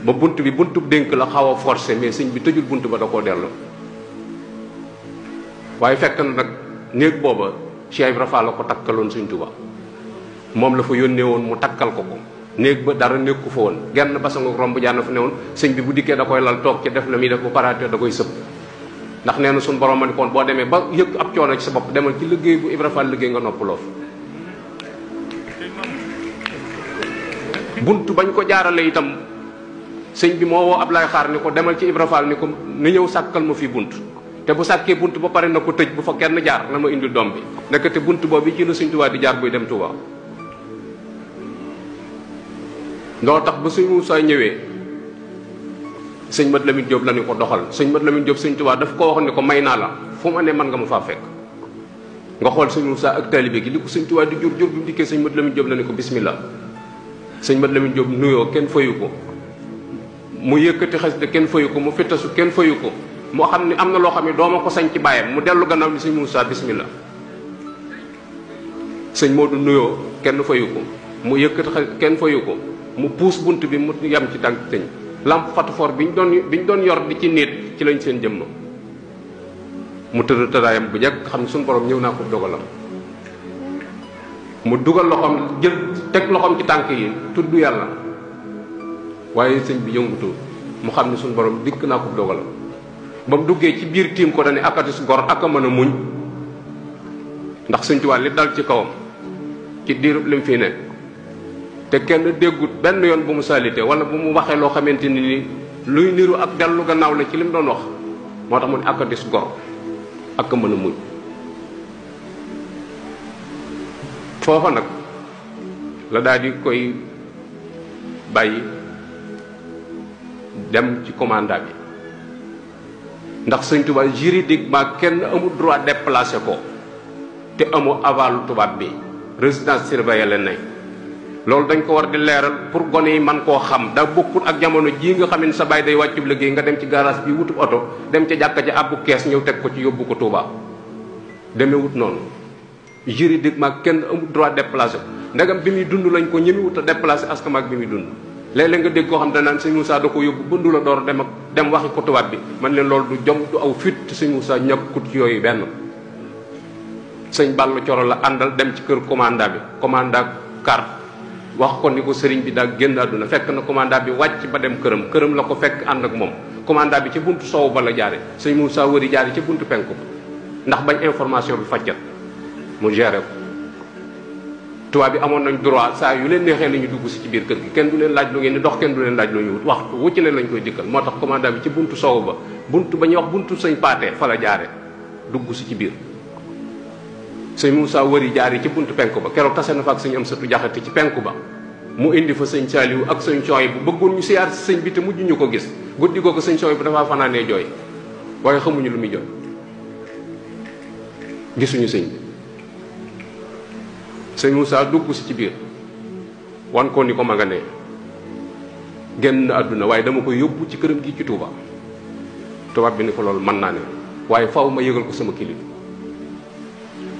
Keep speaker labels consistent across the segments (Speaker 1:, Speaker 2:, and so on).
Speaker 1: ba bunt bi buntub dénk la xaw a forcé mais sëñ bi tëjul bunt ba da koo dellu waaye fekk na nag néeg booba Cheikh Ibra Fall la ko takkaloon sëñ Tuubaa moom la fa yónnee woon mu takkal ko ko néeg ba dara nekku fa woon genn basangu romb jaan fa ne woon sëñ bi bu dikkee da koy lal toog ci def la muy def bu paraatee da koy sëp ndax nee na suñu borom ma ne koon boo demee ba yëg ab coono ci sa bopp demal ci liggéey bu Ibra Fall liggéey nga noppuloo fi bunt bañ sëñ bi moo ab Ablaye Xaar ni ko demal ci Ibra Fall ni ko ni ñëw sàkkal ma fii bunt te bu sàkkee bunt ba pare na ko tëj bu fa kenn jaar na ma indi doom bi naka te bunt boobu ci la sëñ Tuubaa di jaar buy tax ba suñu sooy ñëwee sëñ Mat Lamin Jóob la ñu ko doxal sëñ Mat Lamin Jóob sëñ Tuubaa daf ko wax ni ko may naa la fu ma ne man faa fekk nga xool sëñ Muusaa ak taalibe gi li ko sëñ Tuubaa di jur jur bi mu dikkee sëñ Mat la ni ko nuyoo kenn fayu ko mu yëkkati xasida kenn fayu ko mu fittasu kenn fayu ko mu xam ni am na loo xam ne dooma ko sañ ci bàyyam mu dellu gannaaw ni sëñ Moussa bismillah sëñ du nuyoo kenn fayu ko mu yëkkati xasida kenn fayu ko mu puus bunt bi mu yem ci dànk tëñ lamp fatafoor bi ñu doon bi doon yor di ci niit ci lañ seen jëmm mu tëdd tëddaayam bu njëkk xam ne suñu borom ñëw naa ko dogalam mu dugal loxoom jël teg loxoom ci tànk yi tudd yàlla waaye sëñ bi yëngutul mu xam ne suñu borom dikk naa ko dogalam ba mu duggee ci biir tiim ko dane akatis gor ak a mën a muñ ndax sëñ Tuubaa li dal ci kawam ci diirub lim fii nekk te kenn déggut benn yoon bu mu salité wala bu mu waxee loo xamante ni luy niru ak dellu gannaaw la ci lim doon wax moo tax mu ne akatis gor ak a mën a muñ foofa nag la daal di koy bàyyi dem ci commandant bi ndax sëñ digg juridiquement kenn amul droit déplacé ko te amoo avalu tubaab bi résidence surveillée la ne loolu dañ ko war di leeral pour gone yi man koo xam da bokkul ak jamono jii nga xam sa baay day wàccub liggéey nga dem ci garage bi wutub oto dem ca jàkka ca àbbu kees ñëw teg ko ci yóbbu ko Touba demee wut noonu juridiquement kenn amul droit déplacé ko ndegam bi muy dund lañ ko ñëmi wut a déplacé askan bi muy dund léeg-léeg nga dégg koo xam ne naan sëñ Moussa da ko yóbbu bëndu la door dem ak dem waxi ko tubaab bi man leen loolu du jom du aw fit te sëñ Moussa ñàkkut ci yooyu benn sëñ Balla Coro la àndal dem ci kër commanda bi commanda kar wax ko ni ko sëriñ bi daal génn àdduna fekk na commanda bi wàcc ba dem këram këram la ko fekk ànd ak moom commanda bi ci buntu soow ba la jaare sëñ Moussa wëri jaare ci buntu penku ndax bañ information bi fajjat mu géré ko tubaab bi amoon nañ droit saa yu leen neexee nañu dugg si ci biir kër gi kenn du leen laaj lu ngeen di dox kenn du leen laaj lu ñu wut waxtu wu ci ne lañ koy dikkal moo tax commandant bi ci buntu soow ba buntu ba ñuy wax buntu sañ paatee fa la jaare dugg si ci biir sëñ Moussa wëri jaare ci buntu penk ba keroog tase na fa ak sëñ Amsatu Jaxate ci penku ba mu indi fa sëñ Saaliwu ak sëñ Sooy bu bëggoon ñu siyaar si sëñ bi te mujj ñu ko gis guddi ko sëñ Sooy bu dafaa fanaanee jooy waaye xamuñu lu muy jooy gisuñu sëñ sëñ saa dugg si ci biir wan ko ni ko ma nga ne génn àdduna waaye dama koy yóbbu ci këram gi ci Touba tubaab bi ni ko loolu mën naa ne waaye faaw ma yëgal ko sama kilifa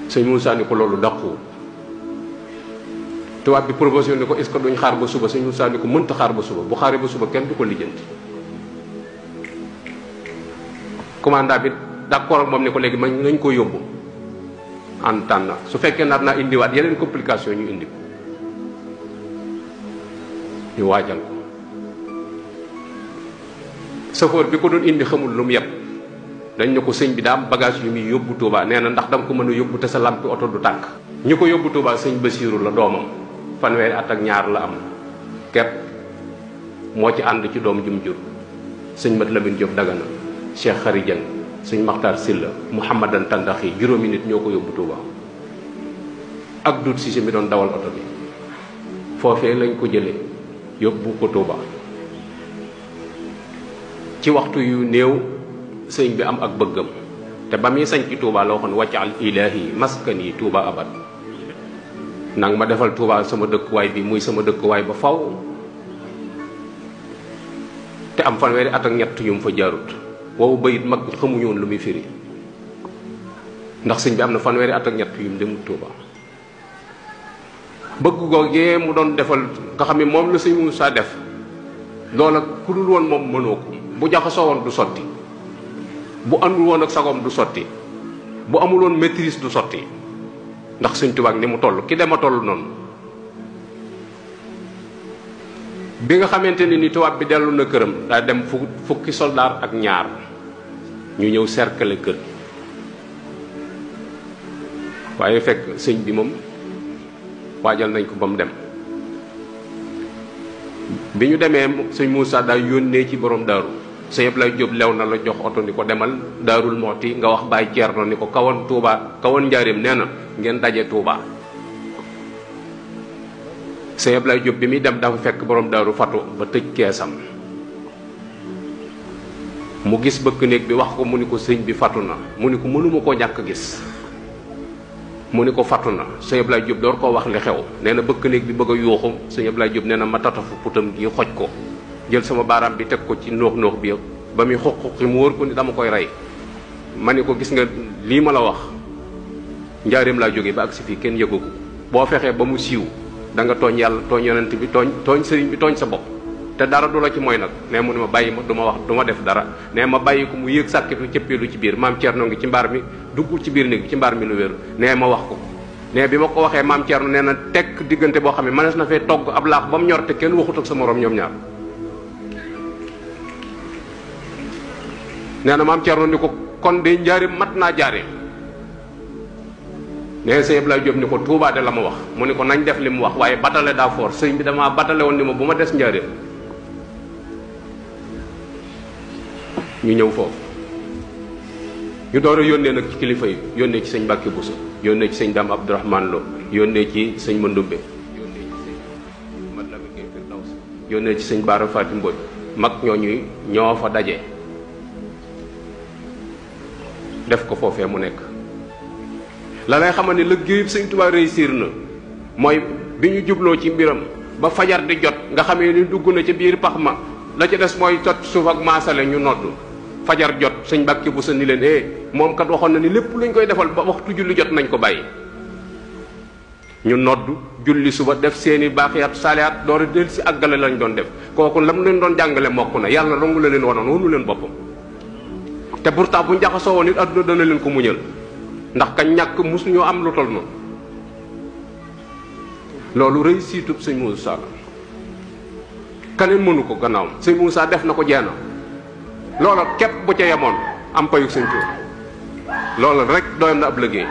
Speaker 1: sëñ Moussa ni ko loolu dàquwul tubaab bi proposition ni ko est-ce que duñ xaar ba suba sëñ Moussa ni ko mënta xaar ba suba bu xaare ba suba kenn du ko lijjanti commandant bi d'accord ak moom ni ko léegi ma nañ ko yóbbu en temps su fekkee nar naa indiwaat yeneen complication ñu indi ko ñu waajal ko safoor bi ko doon indi xamul lu mu dañ ne ko sëñ bi daa am bagage yu muy yóbbu tuubaa nee na ndax danga ko mën a yóbbu te sa lampi oto du tàkk ñu ko yóbbu Touba sëñ Basiiru la doomam fanweeri at ak ñaar la am kepp moo ci ànd ci doom jum jur sëñ Mat Lamin Jóob Dagana Cheikh Xari Jeng suñ maxtaar silla muhammadan tandax yi juróomi nit ñoo ko yóbbu Tuuba ak duut si si mi doon dawal oto bi foofee lañ ko jële yóbbu ko Tuuba ci waxtu yu néew sëñ bi am ak bëggam te ba muy sañ ci Tuuba la waxoon waccaal ilaahi maskan yi Tuuba abad nang ma defal Tuuba sama dëkkuwaay bi muy sama dëkkuwaay ba faw te am fanweeri at ak ñett yu mu fa jaarut woowu bayit mag mu xamuñu lu muy firi ndax sëñ bi am na fanweeri at ak ñett yu mu demul Touba bëgg googee mu doon defal nga xam ne moom la sëñ saa def loola ku dul woon moom mënoo ko bu jaxasoo woon du sotti bu andul woon ak sagoom du sotti bu amul woon du sotti ndax sëñ Touba ni mu toll ki dema toll noonu bi nga xamante ni ni tubaab bi dellu na këram daa dem fukki soldaar ak ñaar ñu ñëw cercle kër waaye fekk sëñ bi moom waajal nañ ko ba mu dem bi ñu demee sëñ Moussa daay yónnee ci borom daaru sëñ Abdoulaye Diop lew na la jox oto ni ko demal daarul mooti nga wax Baye Thierno ni ko kawoon Touba kawoon njaareem nee na ngeen daje Touba sëñ laay Diop bi muy dem dafa fekk borom daaru fatu ba tëj keesam mu gis bëkk néeg bi wax ko mu ni ko sëñ bi fàttu na mu ni ko mënuma koo ñàkk gis mu ni ko fàttu na sëñ Ablaye Diop door koo wax li xew nee na bëkk néeg bi bëgg a yuuxu sëñ Ablaye Diop nee na ma tatafu putam gi xoj ko jël sama baaraam bi teg ko ci noox noox bi ba muy xoq xoqi mu wóor ko ni dama koy rey ma ni ko gis nga lii ma la wax njaareem laa jógee ba agsi fii kenn yëgu ko boo fexee ba mu siiw da nga tooñ yàlla tooñ yonent bi tooñ tooñ sëriñ bi tooñ sa bopp te dara du la ci mooy nag ne mu ne ma bàyyi ma du ma wax du ma def dara ne ma bàyyi ko mu yéeg sàkkitu cëppeelu ci biir maam Thierno ngi ci mbaar mi dugg ci biir néeg bi ci mbaar mi lu wéru ne ma wax ko ne bi ma ko waxee maam Thierno nee na tekk diggante boo xam ne mënees na fee togg ab laax ba mu kenn waxut ak sa morom ñoom ñaar nee na maam Thierno ni ko kon de njaari mat naa jaaree nee sëñ Abdoulaye Diop ko Touba de la ma wax mu ne ko nañ def li mu wax waaye batale daa foor sëñ bi damaa batale woon ni ma bu ma des njaareem ñu ñëw foofu ñu door a yónnee nag ci kilifa yi yónnee ci sañ Mbàkke Buso yónnee ci sëñ Dame Abdourahmane Lo yónnee ci sëñ Mandumbe yónnee ci sëñ Mat Lamin Gey Firdawsi yónnee ci sëñ Baara Fatim mag ñooñu ñoo fa daje def ko foofee mu nekk la lay xamal ne liggéeyu sëñ Tuubaa réussir na mooy bi ñu jubloo ci mbiram ba fajar di jot nga xamee ni dugg na ci biir pax ma la ci des mooy tot suuf ak maasale ñu noddu fajar jot sëñ Mbàkke bu sa ni leen eh moom kat waxoon na ni lépp luñ koy defal ba waxtu julli jot nañ ko bàyyi ñu nodd julli suba def seeni baaxiyaat saaliyaat door a del si àggale lañ doon def kooku mu leen doon jàngale mokk na yàlla rongu la leen wanoon wonu leen boppam te pourtant bu njaxasoo woon it adduna dana leen ko muñal ndax ka ñàkk mosuñoo am lu tol noonu loolu réussitub sëñ Moussa la keneen mënu ko gannaawam sëñ Moussa def na ko jeena loola képp bu ca yemoon am payug sëñ Tuubaa loola rek doyoon na ab liggéey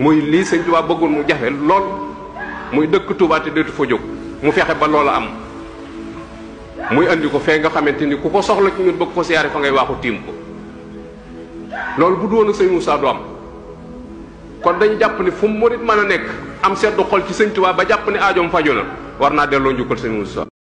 Speaker 1: muy lii sëñ Tuubaa bëggoon mu jafe lool muy dëkk Tuubaa te dootu fa jóg mu fexe ba loola am muy indi ko fee nga xamante ni ku ko soxla ci ñun bëgg ko siyaare fa ngay waaxu tiim ko loolu bu doon ak sëñ Moussa du am kon dañu jàpp ni fu mu murit mën a nekk am seddu xol ci sëñ Tuubaa ba jàpp ni aajoom faju na war naa delloo njukkal sëñ Moussa